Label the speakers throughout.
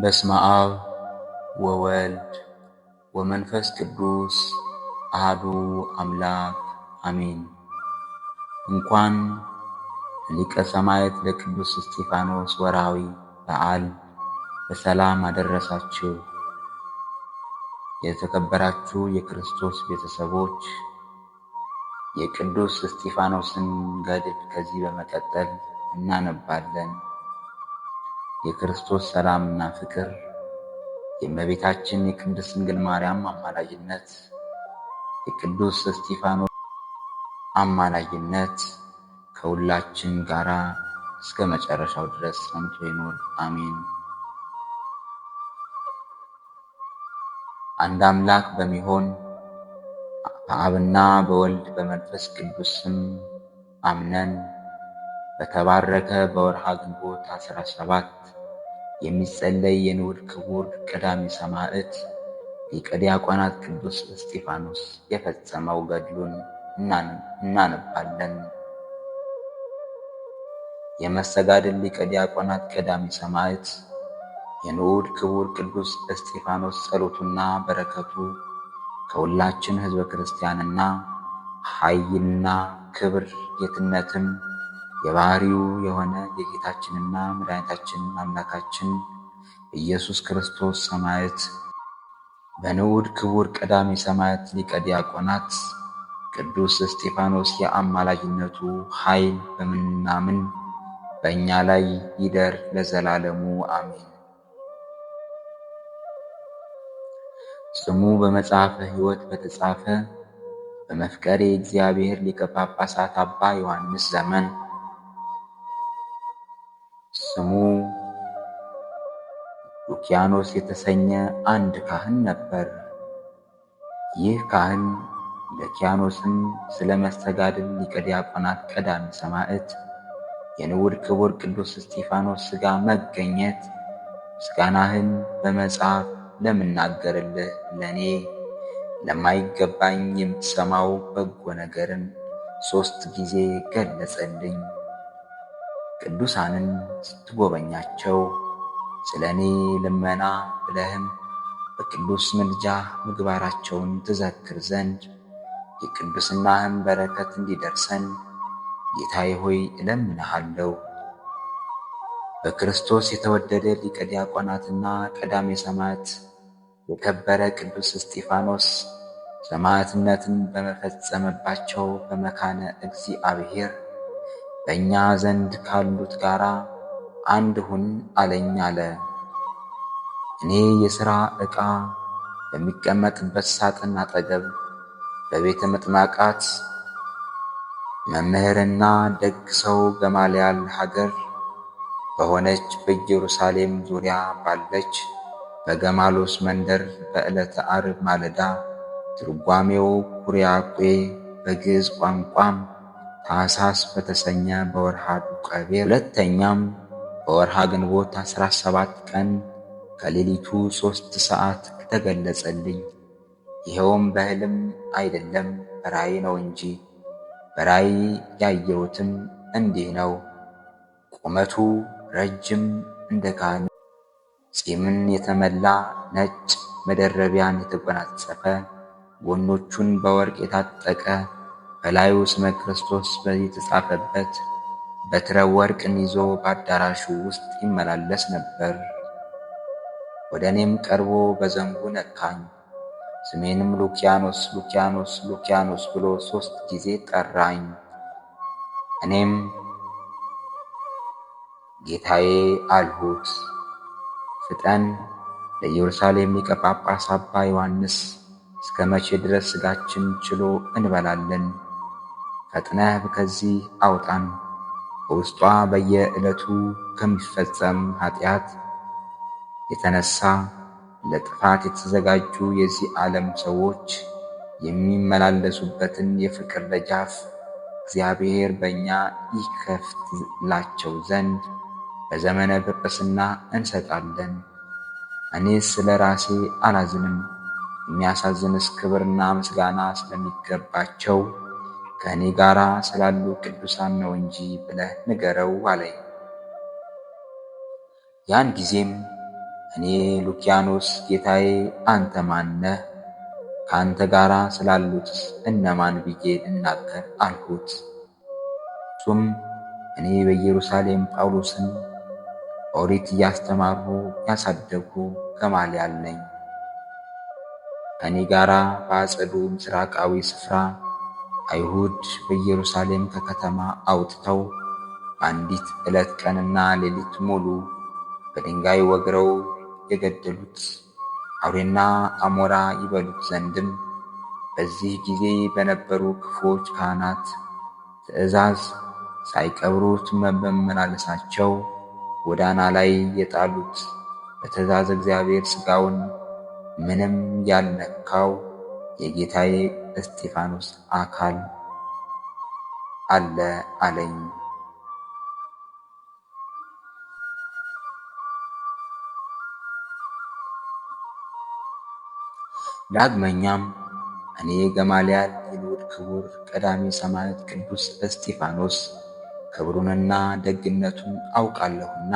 Speaker 1: በስመ አብ ወወልድ ወመንፈስ ቅዱስ አሐዱ አምላክ አሜን። እንኳን ሊቀ ሰማዕት ለቅዱስ እስጢፋኖስ ወርሃዊ በዓል በሰላም አደረሳችሁ። የተከበራችሁ የክርስቶስ ቤተሰቦች የቅዱስ እስጢፋኖስን ገድል ከዚህ በመቀጠል እናነባለን። የክርስቶስ ሰላምና ፍቅር፣ የእመቤታችን የቅድስት ድንግል ማርያም አማላጅነት፣ የቅዱስ እስጢፋኖስ አማላጅነት ከሁላችን ጋር እስከ መጨረሻው ድረስ ጸንቶ ይኖር፣ አሜን። አንድ አምላክ በሚሆን በአብና በወልድ በመንፈስ ቅዱስ ስም አምነን በተባረከ በወርሃ ግንቦት 17 የሚጸለይ የንዑድ ክቡር ቀዳሜ ሰማዕት ሊቀ ዲያቆናት ቅዱስ እስጢፋኖስ የፈጸመው ገድሉን እናነባለን። የመሰጋድል ሊቀ ዲያቆናት ቀዳሜ ሰማዕት የንዑድ ክቡር ቅዱስ እስጢፋኖስ ጸሎቱና በረከቱ ከሁላችን ሕዝበ ክርስቲያንና ኃይልና ክብር ጌትነትም የባህሪው የሆነ የጌታችንና መድኃኒታችን አምላካችን ኢየሱስ ክርስቶስ ሰማያት በንዑድ ክቡር ቀዳሜ ሰማያት ሊቀ ዲያቆናት ቅዱስ እስጢፋኖስ የአማላጅነቱ ኃይል በምናምን በእኛ ላይ ይደር ለዘላለሙ አሜን። ስሙ በመጽሐፈ ሕይወት በተጻፈ በመፍቀሬ እግዚአብሔር ሊቀ ጳጳሳት አባ ዮሐንስ ዘመን ስሙ ሉኪያኖስ የተሰኘ አንድ ካህን ነበር። ይህ ካህን ለኪያኖስም ስለ መስተጋድል ሊቀ ዲያቆናት ቀዳም ሰማዕት የንውድ ክቡር ቅዱስ እስጢፋኖስ ሥጋ መገኘት ምስጋናህን በመጽሐፍ ለምናገርልህ ለእኔ ለማይገባኝ የምትሰማው በጎ ነገርን ሦስት ጊዜ ገለጸልኝ። ቅዱሳንን ስትጎበኛቸው ስለ እኔ ልመና ብለህም በቅዱስ ምልጃ ምግባራቸውን ትዘክር ዘንድ የቅዱስናህን በረከት እንዲደርሰን ጌታዬ ሆይ እለምንሃለሁ። በክርስቶስ የተወደደ ሊቀ ዲያቆናትና ቀዳሜ ሰማዕት የከበረ ቅዱስ እስጢፋኖስ ሰማዕትነትን በመፈጸመባቸው በመካነ እግዚአብሔር በእኛ ዘንድ ካሉት ጋር አንድ ሁን አለኝ አለ። እኔ የሥራ ዕቃ በሚቀመጥበት ሳጥን አጠገብ በቤተ መጥማቃት መምህርና ደግ ሰው ገማልያል ሀገር በሆነች በኢየሩሳሌም ዙሪያ ባለች በገማሎስ መንደር በዕለተ አርብ ማለዳ ትርጓሜው ኩርያቄ በግዕዝ ቋንቋም ታኅሳስ በተሰኘ በወርሃ ዱቀቤ ሁለተኛም በወርሃ ግንቦት 17 ቀን ከሌሊቱ ሦስት ሰዓት ተገለጸልኝ። ይኸውም በሕልም አይደለም በራእይ ነው እንጂ። በራእይ ያየሁትም እንዲህ ነው። ቁመቱ ረጅም እንደ ካህን ፂምን የተመላ ነጭ መደረቢያን የተጎናጸፈ ጎኖቹን በወርቅ የታጠቀ በላዩ ስመ ክርስቶስ የተጻፈበት በትረ ወርቅን ይዞ በአዳራሹ ውስጥ ይመላለስ ነበር። ወደ እኔም ቀርቦ በዘንጉ ነካኝ። ስሜንም ሉኪያኖስ ሉኪያኖስ ሉኪያኖስ ብሎ ሦስት ጊዜ ጠራኝ። እኔም ጌታዬ አልሁት። ፍጠን ለኢየሩሳሌም ሊቀ ጳጳስ አባ ዮሐንስ እስከ መቼ ድረስ ሥጋችን ችሎ እንበላለን? ፈጥነህ ከዚህ አውጣን፣ በውስጧ በየዕለቱ ከሚፈጸም ኃጢአት የተነሳ ለጥፋት የተዘጋጁ የዚህ ዓለም ሰዎች የሚመላለሱበትን የፍቅር ደጃፍ እግዚአብሔር በእኛ ይከፍትላቸው ዘንድ በዘመነ ጵጵስና እንሰጣለን። እኔስ ስለ ራሴ አላዝንም፣ የሚያሳዝንስ ክብርና ምስጋና ስለሚገባቸው ከእኔ ጋር ስላሉ ቅዱሳን ነው እንጂ ብለህ ንገረው አለኝ። ያን ጊዜም እኔ ሉኪያኖስ ጌታዬ አንተ ማነህ? ከአንተ ጋር ስላሉት እነማን ብዬ እናገር አልሁት። እሱም እኔ በኢየሩሳሌም ጳውሎስን ኦሪት እያስተማሩ ያሳደጉ ገማልያል ነኝ። ከእኔ ጋር በአጸዱ ምስራቃዊ ስፍራ አይሁድ በኢየሩሳሌም ከከተማ አውጥተው አንዲት ዕለት ቀንና ሌሊት ሙሉ በድንጋይ ወግረው የገደሉት አውሬና አሞራ ይበሉት ዘንድም በዚህ ጊዜ በነበሩ ክፉዎች ካህናት ትእዛዝ ሳይቀብሩት በመመላለሳቸው ጎዳና ላይ የጣሉት በትእዛዝ እግዚአብሔር ሥጋውን ምንም ያልነካው የጌታዬ እስጢፋኖስ አካል አለ አለኝ። ዳግመኛም እኔ ገማልያል የልዑል ክቡር ቀዳሚ ሰማዕት ቅዱስ እስጢፋኖስ ክብሩንና ደግነቱን አውቃለሁና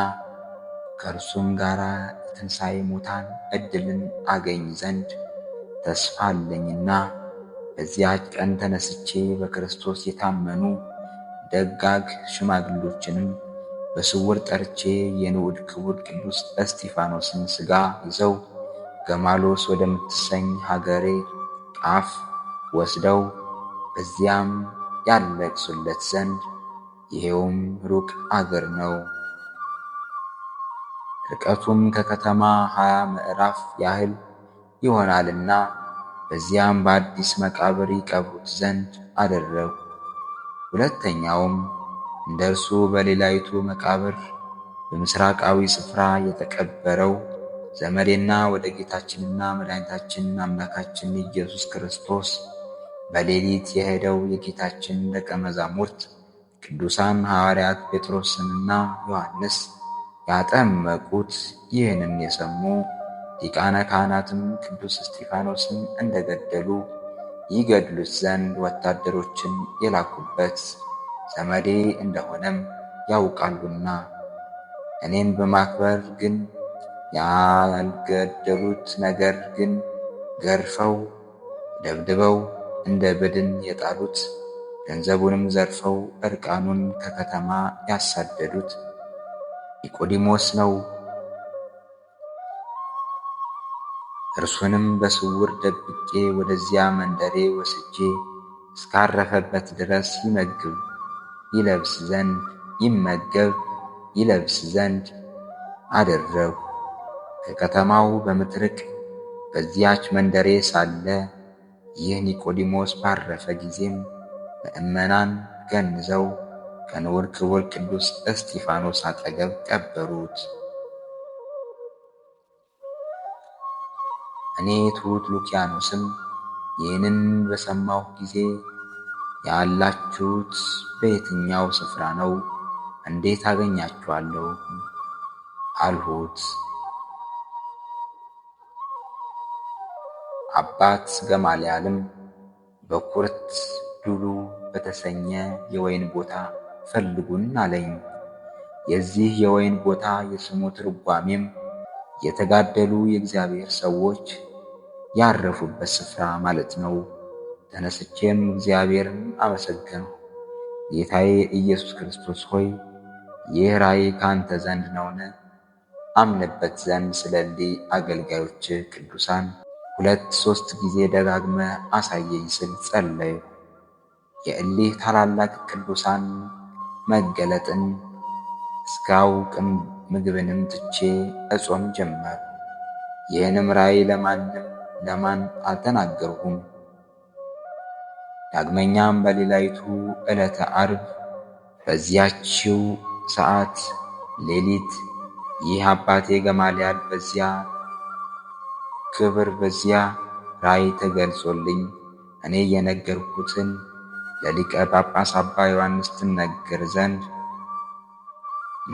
Speaker 1: ከእርሱም ጋር የትንሣኤ ሙታን ዕድልን አገኝ ዘንድ ተስፋ አለኝና በዚያች ቀን ተነስቼ በክርስቶስ የታመኑ ደጋግ ሽማግሎችንም በስውር ጠርቼ የንዑድ ክቡር ቅዱስ እስጢፋኖስን ሥጋ ይዘው ገማሎስ ወደምትሰኝ ሀገሬ ጣፍ ወስደው በዚያም ያለቅሱለት ዘንድ ይሄውም ሩቅ አገር ነው። ርቀቱም ከከተማ ሀያ ምዕራፍ ያህል ይሆናልና በዚያም በአዲስ መቃብር ይቀብሩት ዘንድ አደረጉ። ሁለተኛውም እንደ እርሱ በሌላይቱ መቃብር በምሥራቃዊ ስፍራ የተቀበረው ዘመዴና ወደ ጌታችንና መድኃኒታችን አምላካችን ኢየሱስ ክርስቶስ በሌሊት የሄደው የጌታችን ደቀ መዛሙርት ቅዱሳን ሐዋርያት ጴጥሮስንና ዮሐንስ ያጠመቁት ይህንን የሰሙ ሊቃነ ካህናትም ቅዱስ እስጢፋኖስን እንደገደሉ ይገድሉት ዘንድ ወታደሮችን የላኩበት ዘመዴ እንደሆነም ያውቃሉና እኔን በማክበር ግን ያልገደሉት ነገር ግን ገርፈው ደብድበው እንደ ብድን የጣሉት ገንዘቡንም ዘርፈው እርቃኑን ከከተማ ያሳደዱት ኒቆዲሞስ ነው። እርሱንም በስውር ደብቄ ወደዚያ መንደሬ ወስጄ እስካረፈበት ድረስ ይመግብ ይለብስ ዘንድ ይመገብ ይለብስ ዘንድ አደረሁ ከከተማው በምትርቅ በዚያች መንደሬ ሳለ ይህ ኒቆዲሞስ ባረፈ ጊዜም ምእመናን ገንዘው ከንዑድ ክቡር ቅዱስ እስጢፋኖስ አጠገብ ቀበሩት። እኔ ትሁት ሉኪያኖስም ይህንን በሰማሁ ጊዜ ያላችሁት በየትኛው ስፍራ ነው? እንዴት አገኛችኋለሁ? አልሁት። አባት ገማልያልም በኩርት ዱሉ በተሰኘ የወይን ቦታ ፈልጉን አለኝ። የዚህ የወይን ቦታ የስሙ ትርጓሜም የተጋደሉ የእግዚአብሔር ሰዎች ያረፉበት ስፍራ ማለት ነው። ተነስቼም እግዚአብሔርን አመሰገንሁ። ጌታዬ ኢየሱስ ክርስቶስ ሆይ ይህ ራእይ ከአንተ ዘንድ ነውን? አምንበት ዘንድ ስለልይ አገልጋዮች ቅዱሳን ሁለት ሦስት ጊዜ ደጋግመ አሳየኝ ስል ጸለዩ። የእሊህ ታላላቅ ቅዱሳን መገለጥን ቅም ምግብንም ትቼ እጾም ጀመር። ይህንም ራእይ ለማንም ለማን አልተናገርሁም። ዳግመኛም በሌላይቱ ዕለተ ዓርብ በዚያችው ሰዓት ሌሊት ይህ አባቴ ገማልያል በዚያ ክብር በዚያ ራእይ ተገልጾልኝ እኔ የነገርኩትን ለሊቀ ጳጳስ አባ ዮሐንስ ትነግር ዘንድ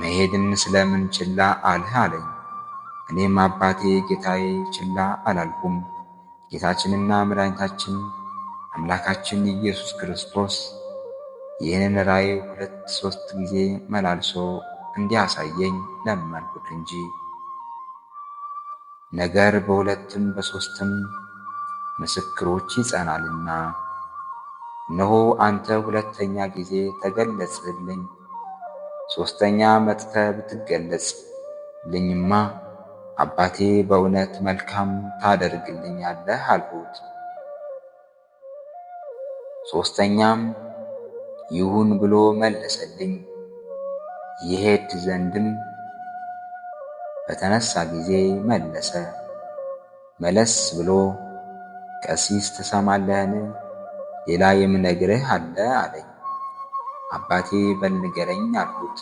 Speaker 1: መሄድን ስለምን ችላ አልህ አለኝ። እኔም አባቴ ጌታዬ ችላ አላልኩም። ጌታችንና መድኃኒታችን አምላካችን ኢየሱስ ክርስቶስ ይህንን ራእይ ሁለት ሦስት ጊዜ መላልሶ እንዲያሳየኝ ለመንኩት እንጂ ነገር በሁለትም በሦስትም ምስክሮች ይጸናልና፣ እነሆ አንተ ሁለተኛ ጊዜ ተገለጽልኝ፣ ሦስተኛ ብትገለጽ ብትገለጽልኝማ አባቴ በእውነት መልካም ታደርግልኛለህ አልሁት። ሦስተኛም ይሁን ብሎ መለሰልኝ። ይሄድ ዘንድም በተነሳ ጊዜ መለሰ። መለስ ብሎ ቀሲስ ትሰማለህን? ሌላ የምነግርህ አለ አለኝ። አባቴ በልንገረኝ አልሁት።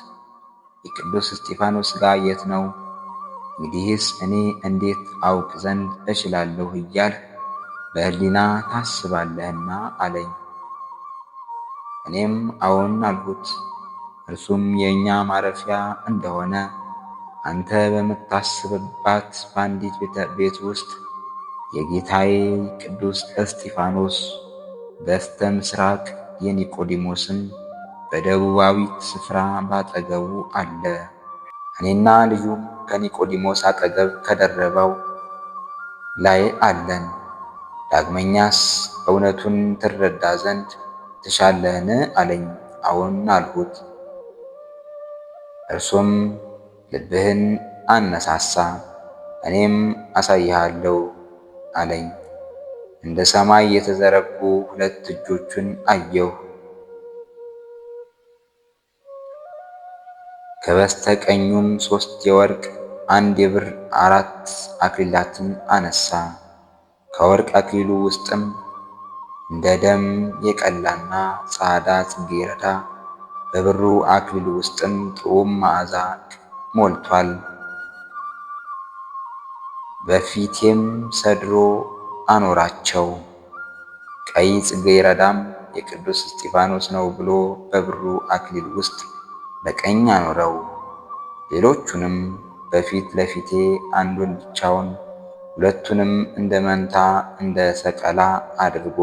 Speaker 1: የቅዱስ እስጢፋኖስ ጋር የት ነው? እንግዲህስ እኔ እንዴት አውቅ ዘንድ እችላለሁ እያልህ በህሊና ታስባለህና አለኝ። እኔም አዎን አልሁት። እርሱም የእኛ ማረፊያ እንደሆነ አንተ በምታስብባት በአንዲት ቤት ውስጥ የጌታዬ ቅዱስ እስጢፋኖስ በስተ ምስራቅ የኒቆዲሞስን በደቡባዊት ስፍራ ባጠገቡ አለ። እኔና ልዩም ከኒቆዲሞስ አጠገብ ከደረበው ላይ አለን። ዳግመኛስ እውነቱን ትረዳ ዘንድ ትሻለህን? አለኝ። አዎን አልሁት። እርሱም ልብህን አነሳሳ፣ እኔም አሳይሃለሁ አለኝ። እንደ ሰማይ የተዘረጉ ሁለት እጆቹን አየሁ። ከበስተቀኙም ሶስት የወርቅ አንድ የብር አራት አክሊላትን አነሳ። ከወርቅ አክሊሉ ውስጥም እንደ ደም የቀላና ጻዳ ጽጌረዳ በብሩ አክሊሉ ውስጥም ጥሩም መዓዛ ሞልቷል። በፊቴም ሰድሮ አኖራቸው። ቀይ ጽጌረዳም የቅዱስ እስጢፋኖስ ነው ብሎ በብሩ አክሊል ውስጥ በቀኝ አኖረው። ሌሎቹንም በፊት ለፊቴ አንዱን ብቻውን ሁለቱንም እንደ መንታ እንደ ሰቀላ አድርጎ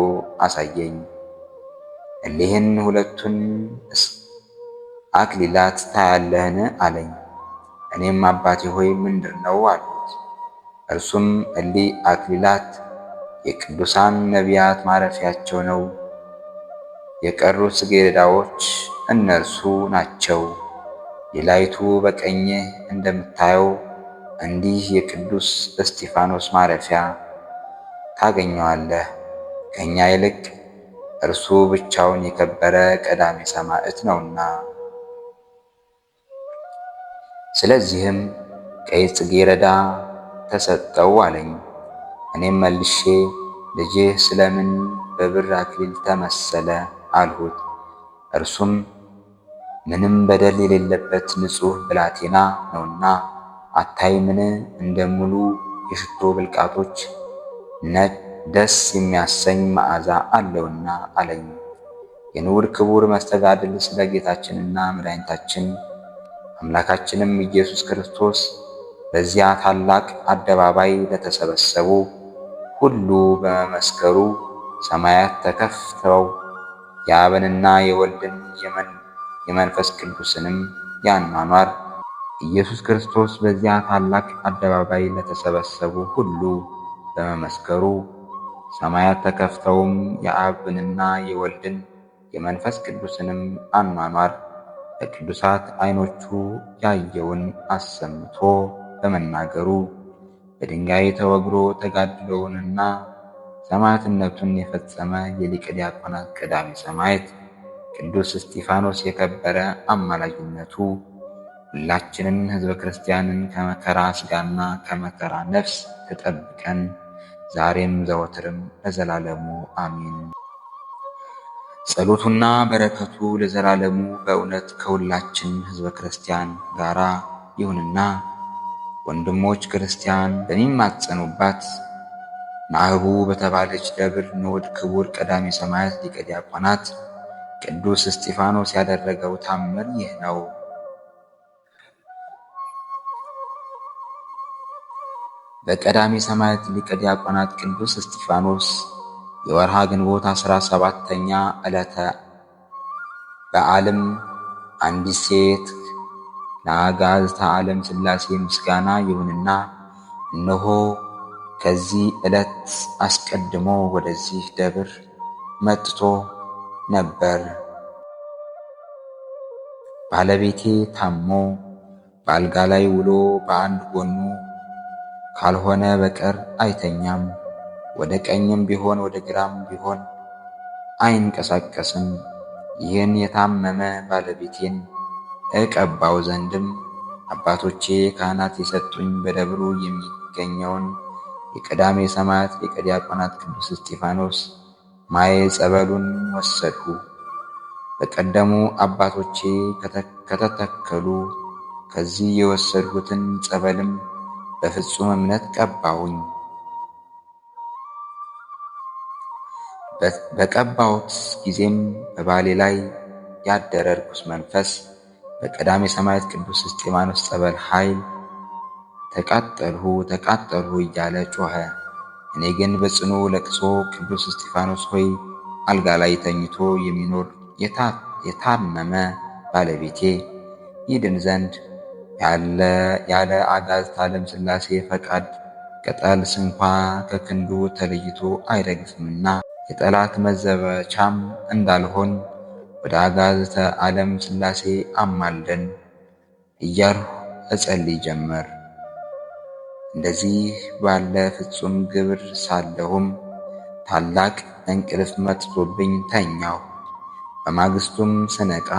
Speaker 1: አሳየኝ። እሊህን ሁለቱን አክሊላት ታያለህን? አለኝ። እኔም አባቴ ሆይ ምንድር ነው አልኩት። እርሱም እሊ አክሊላት የቅዱሳን ነቢያት ማረፊያቸው ነው። የቀሩት ጽጌረዳዎች እነርሱ ናቸው። የላይቱ በቀኝ እንደምታየው እንዲህ የቅዱስ እስጢፋኖስ ማረፊያ ታገኘዋለህ። ከእኛ ይልቅ እርሱ ብቻውን የከበረ ቀዳሚ ሰማዕት ነውና። ስለዚህም ቀይ ጽጌረዳ ተሰጠው አለኝ። እኔም መልሼ ልጅህ ስለምን በብር አክሊል ተመሰለ አልሁት። እርሱም ምንም በደል የሌለበት ንጹህ ብላቴና ነውና አታይምን እንደ ሙሉ የሽቶ ብልቃጦች ደስ የሚያሰኝ መዓዛ አለውና አለኝ። የንዑድ ክቡር መስተጋድል ስለ ጌታችንና መድኃኒታችን አምላካችንም ኢየሱስ ክርስቶስ በዚያ ታላቅ አደባባይ ለተሰበሰቡ ሁሉ በመመስከሩ ሰማያት ተከፍተው የአብንና የወልድን የመን የመንፈስ ቅዱስንም ያኗኗር። ኢየሱስ ክርስቶስ በዚያ ታላቅ አደባባይ ለተሰበሰቡ ሁሉ በመመስከሩ ሰማያት ተከፍተውም የአብንና የወልድን የመንፈስ ቅዱስንም አኗኗር በቅዱሳት ዓይኖቹ ያየውን አሰምቶ በመናገሩ በድንጋይ ተወግሮ ተጋድሎውንና ሰማዕትነቱን የፈጸመ የሊቀ ዲያቆናት ቀዳሜ ሰማዕት ቅዱስ እስጢፋኖስ የከበረ አማላጅነቱ ሁላችንን ሕዝበ ክርስቲያንን ከመከራ ሥጋና ከመከራ ነፍስ ተጠብቀን ዛሬም ዘወትርም ለዘላለሙ አሚን። ጸሎቱና በረከቱ ለዘላለሙ በእውነት ከሁላችን ሕዝበ ክርስቲያን ጋራ ይሁንና ወንድሞች ክርስቲያን በሚማጸኑባት ማህቡ በተባለች ደብር ንዑድ ክቡር ቀዳሜ ሰማያት ሊቀ ዲያቆናት ቅዱስ እስጢፋኖስ ያደረገው ታምር ይህ ነው። በቀዳሜ ሰማዕት ሊቀ ዲያቆናት ቅዱስ እስጢፋኖስ የወርሃ ግንቦት አስራ ሰባተኛ ዕለተ በዓልም አንዲት ሴት ለአጋዕዝተ ዓለም ሥላሴ ምስጋና ይሁንና እነሆ ከዚህ ዕለት አስቀድሞ ወደዚህ ደብር መጥቶ ነበር። ባለቤቴ ታሞ በአልጋ ላይ ውሎ በአንድ ጎኑ ካልሆነ በቀር አይተኛም። ወደ ቀኝም ቢሆን ወደ ግራም ቢሆን አይንቀሳቀስም። ይህን የታመመ ባለቤቴን እቀባው ዘንድም አባቶቼ ካህናት የሰጡኝ በደብሩ የሚገኘውን የቀዳሜ ሰማዕት ሊቀ ዲያቆናት ቅዱስ እስጢፋኖስ ማየ ጸበሉን ወሰድሁ። በቀደሙ አባቶቼ ከተተከሉ ከዚህ የወሰድሁትን ጸበልም በፍጹም እምነት ቀባሁኝ። በቀባሁት ጊዜም በባሌ ላይ ያደረ ርኩስ መንፈስ በቀዳሜ ሰማዕት ቅዱስ እስጢፋኖስ ጸበል ኃይል ተቃጠልሁ ተቃጠልሁ እያለ ጮኸ። እኔ ግን በጽኑ ለቅሶ ቅዱስ እስጢፋኖስ ሆይ አልጋ ላይ ተኝቶ የሚኖር የታመመ ባለቤቴ ይድን ዘንድ ያለ አጋዕዝተ ዓለም ሥላሴ ፈቃድ ቅጠል ስንኳ ከክንዱ ተለይቶ አይረግፍምና የጠላት መዘበቻም እንዳልሆን ወደ አጋዕዝተ ዓለም ሥላሴ አማልደን እያልሁ እጸልይ ጀመር። እንደዚህ ባለ ፍጹም ግብር ሳለሁም ታላቅ እንቅልፍ መጥቶብኝ ተኛሁ። በማግስቱም ስነቃ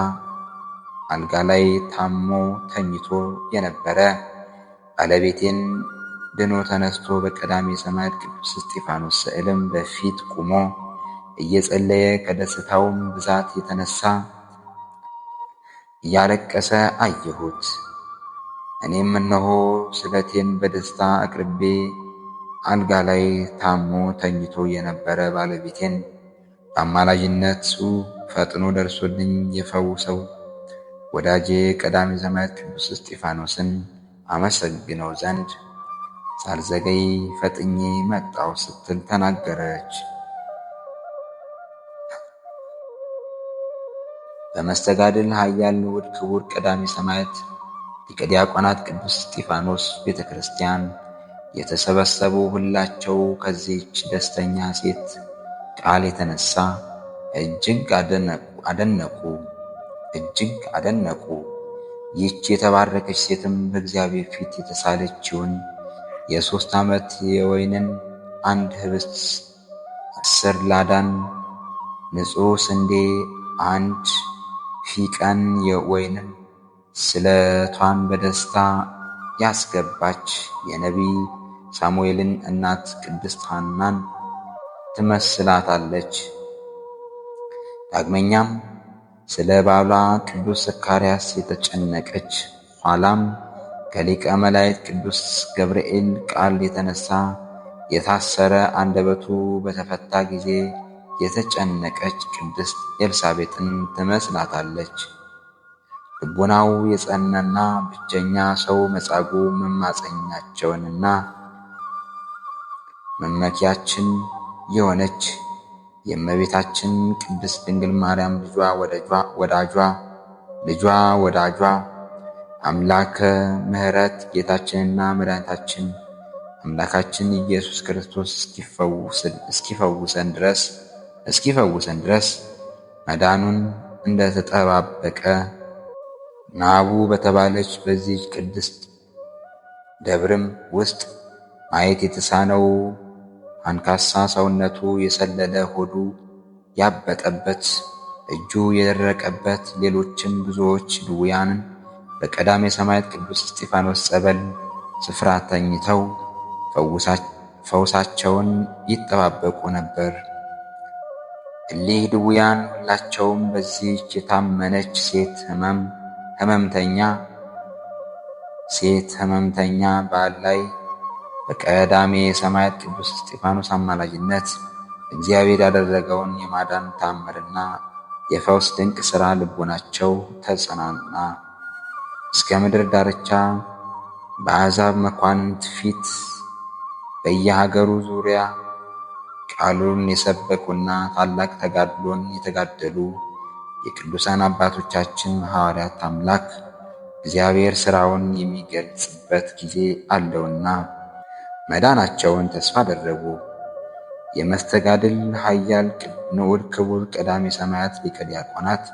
Speaker 1: አልጋ ላይ ታሞ ተኝቶ የነበረ ባለቤቴን ድኖ ተነስቶ በቀዳሚ ሰማዕት ቅዱስ እስጢፋኖስ ስዕልም በፊት ቆሞ እየጸለየ ከደስታውም ብዛት የተነሳ እያለቀሰ አየሁት። እኔም እነሆ ስለቴን በደስታ አቅርቤ አልጋ ላይ ታሞ ተኝቶ የነበረ ባለቤቴን በአማላጅነቱ ፈጥኖ ደርሶልኝ የፈውሰው ወዳጄ ቀዳሚ ዘመድ ቅዱስ እስጢፋኖስን አመሰግነው ዘንድ ሳልዘገይ ፈጥኜ መጣው ስትል ተናገረች። በመስተጋድል ኃያል ንዑድ ክቡር ቀዳሚ ሰማዕት ሊቀ ዲያቆናት ቅዱስ እስጢፋኖስ ቤተ ክርስቲያን የተሰበሰቡ ሁላቸው ከዚህች ደስተኛ ሴት ቃል የተነሳ እጅግ አደነቁ እጅግ አደነቁ። ይህች የተባረከች ሴትም በእግዚአብሔር ፊት የተሳለችውን የሦስት ዓመት የወይንን አንድ ህብስት አስር ላዳን ንጹሕ ስንዴ አንድ ፊቀን የወይንም ስለቷን በደስታ ያስገባች የነቢይ ሳሙኤልን እናት ቅድስት ሐናን ትመስላታለች። ዳግመኛም ስለ ባሏ ቅዱስ ዘካርያስ የተጨነቀች ኋላም ከሊቀ መላእክት ቅዱስ ገብርኤል ቃል የተነሳ የታሰረ አንደበቱ በተፈታ ጊዜ የተጨነቀች ቅድስት ኤልሳቤጥን ትመስላታለች። ልቦናው የጸናና ብቸኛ ሰው መጻጉዕ መማፀኛቸውንና መመኪያችን የሆነች የእመቤታችን ቅድስት ድንግል ማርያም ልጇ ወዳጇ ልጇ ወዳጇ አምላከ ምሕረት ጌታችንና መድኃኒታችን አምላካችን ኢየሱስ ክርስቶስ እስኪፈውሰን ድረስ እስኪፈውሰን ድረስ መዳኑን እንደተጠባበቀ ናቡ በተባለች በዚህ ቅድስት ደብርም ውስጥ ማየት የተሳነው አንካሳ ሰውነቱ የሰለለ፣ ሆዱ ያበጠበት፣ እጁ የደረቀበት ሌሎችም ብዙዎች ድውያንን በቀዳም የሰማዕት ቅዱስ እስጢፋኖስ ጸበል ስፍራ ተኝተው ፈውሳቸውን ይጠባበቁ ነበር። እሊህ ድውያን ሁላቸውም በዚህች የታመነች ሴት ሕመም ህመምተኛ ሴት ህመምተኛ በዓል ላይ በቀዳሜ የሰማያት ቅዱስ እስጢፋኖስ አማላጅነት እግዚአብሔር ያደረገውን የማዳን ታምርና የፈውስ ድንቅ ሥራ ልቦናቸው ተጸናና እስከ ምድር ዳርቻ በአሕዛብ መኳንንት ፊት በየሀገሩ ዙሪያ ቃሉን የሰበኩና ታላቅ ተጋድሎን የተጋደሉ የቅዱሳን አባቶቻችን ሐዋርያት አምላክ እግዚአብሔር ሥራውን የሚገልጽበት ጊዜ አለውና መዳናቸውን ተስፋ አደረጉ። የመስተጋድል ኃያል ንዑድ ክቡር ቀዳሜ ሰማያት ሊቀ ዲያቆናት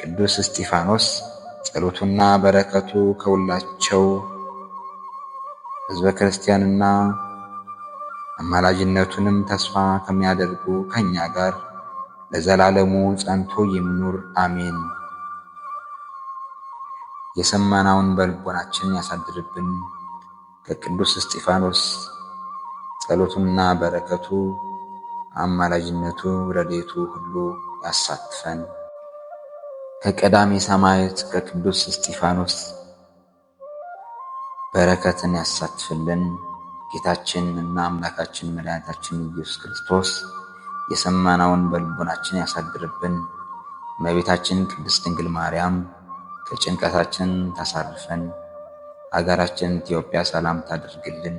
Speaker 1: ቅዱስ እስጢፋኖስ ጸሎቱና በረከቱ ከሁላቸው ሕዝበ ክርስቲያንና አማላጅነቱንም ተስፋ ከሚያደርጉ ከእኛ ጋር ለዘላለሙ ጸንቶ የሚኖር አሜን። የሰማናውን በልቦናችን ያሳድርብን። ከቅዱስ እስጢፋኖስ ጸሎቱና በረከቱ አማላጅነቱ ረድኤቱ ሁሉ ያሳትፈን። ከቀዳሜ ሰማዕት ከቅዱስ እስጢፋኖስ በረከትን ያሳትፍልን። ጌታችን እና አምላካችን መድኃኒታችን ኢየሱስ ክርስቶስ የሰማናውን በልቦናችን ያሳድርብን። እመቤታችን ቅድስት ድንግል ማርያም ከጭንቀታችን ታሳርፈን፣ አገራችን ኢትዮጵያ ሰላም ታደርግልን።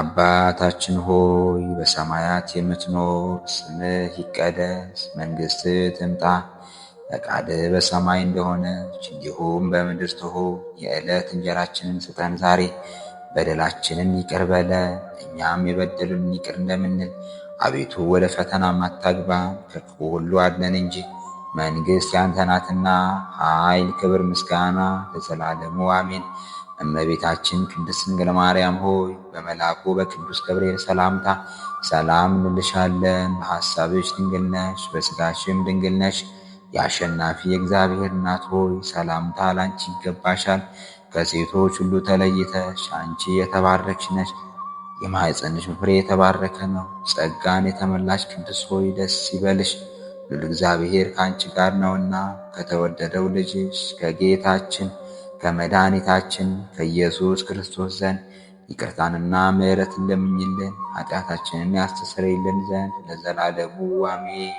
Speaker 1: አባታችን ሆይ በሰማያት የምትኖር ስምህ ይቀደስ፣ መንግስት ትምጣ፣ ፈቃድህ በሰማይ እንደሆነች እንዲሁም በምድር ትሆ የዕለት እንጀራችንን ስጠን ዛሬ፣ በደላችንን ይቅር በለን እኛም የበደሉንን ይቅር እንደምንል አቤቱ ወደ ፈተና ማታግባ ከክፉ ሁሉ አድነን እንጂ መንግሥት ያንተ ናትና ኃይል፣ ክብር፣ ምስጋና ለዘላለሙ አሜን። እመቤታችን ቅድስት ድንግል ማርያም ሆይ በመልአኩ በቅዱስ ገብርኤል ሰላምታ ሰላም እንልሻለን። በሐሳብሽ ድንግል ነሽ፣ በሥጋሽም ድንግል ነሽ። የአሸናፊ የእግዚአብሔር እናት ሆይ ሰላምታ ላንቺ ይገባሻል። ከሴቶች ሁሉ ተለይተሽ አንቺ የተባረክሽ ነሽ። የማኅፀንሽ ፍሬ የተባረከ ነው። ጸጋን የተመላሽ ቅድስት ሆይ ደስ ይበልሽ፣ ሉል እግዚአብሔር ከአንቺ ጋር ነውና ከተወደደው ልጅሽ ከጌታችን ከመድኃኒታችን ከኢየሱስ ክርስቶስ ዘንድ ይቅርታንና ምሕረት እንደምኝልን ኃጢአታችንን ያስተሰርይልን ዘንድ ለዘላለሙ አሜን።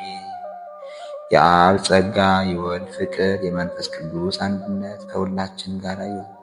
Speaker 1: የአብ ጸጋ የወልድ ፍቅር የመንፈስ ቅዱስ አንድነት ከሁላችን ጋር ይሁን።